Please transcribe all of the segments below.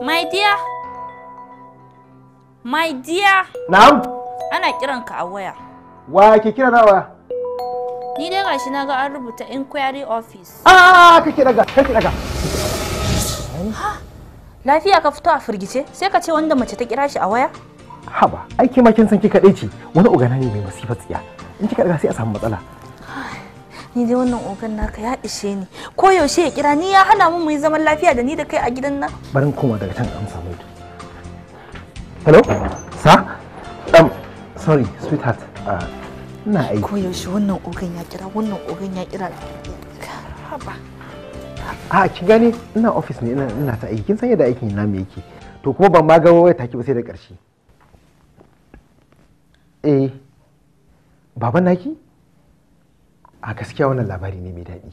My dear. My dear. Na'am. Ana kiranka a waya. Wa ke kira na waya? Ni dai gashi na ga an rubuta inquiry office. Ah, ah, ah kake daga, kake daga. Lafiya ka fito a firgice, sai ka ce wanda mace ta kira shi a waya? Haba, aiki ma kin san ki kadai ce, wani ogana ne mai masifa tsiya. In kika daga sai a samu matsala. Ni dai wannan ogan naka ya ishe ni. Ko yaushe ya kira ni ya hana mu yi zaman lafiya da ni da kai a gidan nan. Barin koma daga can amsa mai. Hello? Sa? Um, sorry, sweetheart. Uh, ina aiki ko yaushe wannan ogan ya kira wannan ogan ya kira haba a ki gani ina office ne ina ina ta aiki kin san yadda aikin na namu yake to kuma ban ma ga waya take ba sai da ƙarshe eh baban naki a gaskiya wannan labari ne mai daɗi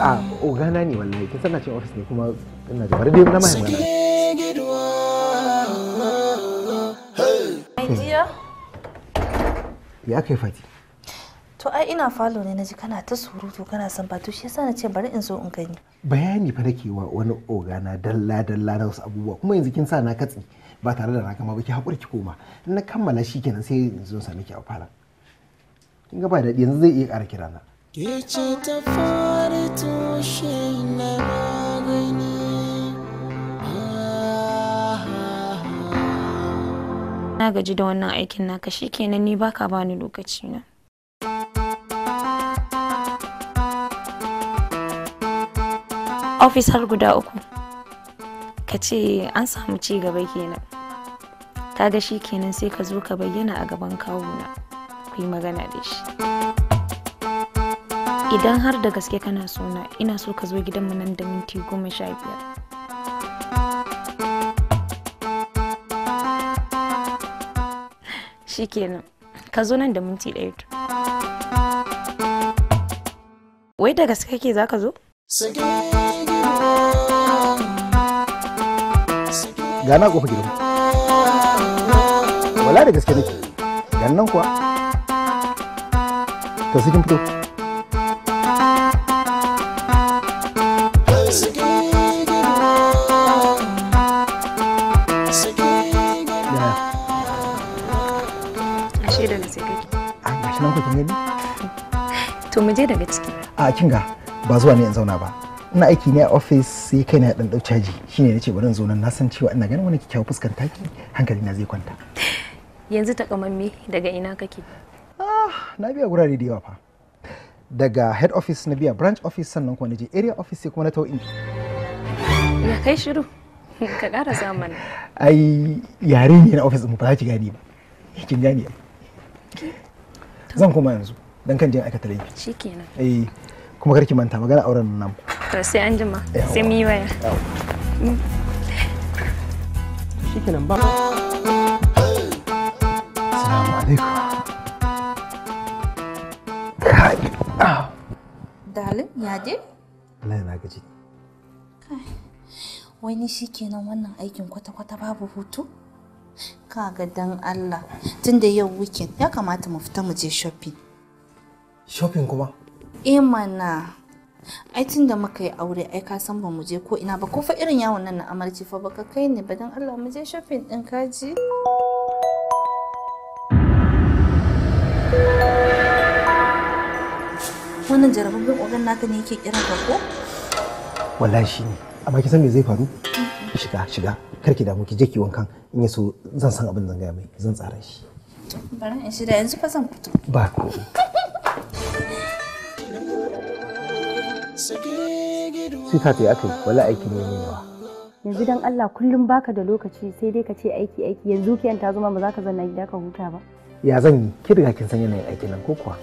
a ogana ne wallahi kin san na cikin office ne kuma ina da dai na mahaifina ya kai fati to ai ina falo ne na ji kana ta surutu kana son ba to shi yasa na ce bari in zo in gani bayani fa nake wa wani ogana dalla dalla na wasu abubuwa kuma yanzu kin sa na katsi ba tare da na kama ba ki hakuri ki koma in na kammala shi kenan sai in zo sa ki a falon kin ga ba daɗi yanzu zai iya kara kirana ke ce ta fara tushe na gaji da wannan aikin naka kenan ni baka bani lokaci na ofis har guda uku ka ce an samu ci gaba kenan kaga shi kenan sai ka zo ka bayyana a gaban kawuna ku yi magana da shi idan har da gaske kana sona ina so ka zo gidanmu nan da minti goma sha biyar shi kenan ka zo nan da minti ɗaya to wai da gaske kake za ka zo gana kofa gidan wala da gaske nake gannan kuwa to sai fito Ah, ga shi nan ku gani to mu je daga ciki a ah, kinga ga ba zuwa ne in zauna ba ina aiki ne a office sai kai na dan dau caji shine nace bari in zo nan na san cewa ina ganin wani kikkiawa fuskar taki hankali na zai kwanta yanzu takamamme daga ina kake ah na biya gurare da yawa fa daga head office na biya branch office sannan kuma naje area office sai kuma na tau'in ya kai shiru ka kara zamani ai yare ne na office mu ba za ki gane ba kin gane zan koma yanzu dan kan jin aikata laifi shikenan eh kuma karki manta magana auren nan to sai an jima sai mu waya shikenan ba assalamu alaikum kai dalin ya je wallahi na gaji wani shikenan wannan aikin kwata-kwata babu hutu kaga dan Allah tunda yau weekend ya kamata mu fita mu je shopping shopping kuma eh mana ai tunda muka yi aure ai ka san ba mu je ko ina ba ko fa irin yawon nan na amarci fa baka kai ne ba dan Allah mu je shopping din kaji wannan jarababin ogan naka ne yake kiran ka ko wallahi shine amma ki san me zai faru mm. shiga shiga karki damu ki je ki wankan in yaso zan san abin zan gaya mai zan tsara shi bari in shirya yanzu fa zan fito ba ko sai ka tayi akai wala aiki ne ne yawa yanzu dan Allah kullum baka da lokaci sai dai ka ce aiki aiki yanzu kiyan ta zama ba za ka zanna gida ka huta ba ya zan yi ki riga kin san yanayin aikin nan ko kuwa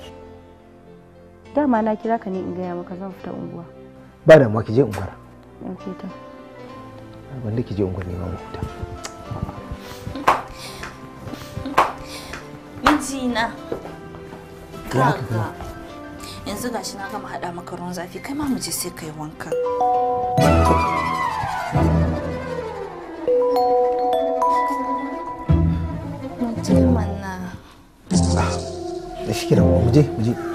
dama na kira ka ne in gaya maka zan fita unguwa ba damuwa ki je unguwar ta. wanda ki je unguwar neman huta mijina kaga yanzu gashi na gama haɗa maka ruwan zafi kai ma mu je sai kai wanka mutumin na ah, da shi kira mu je mu je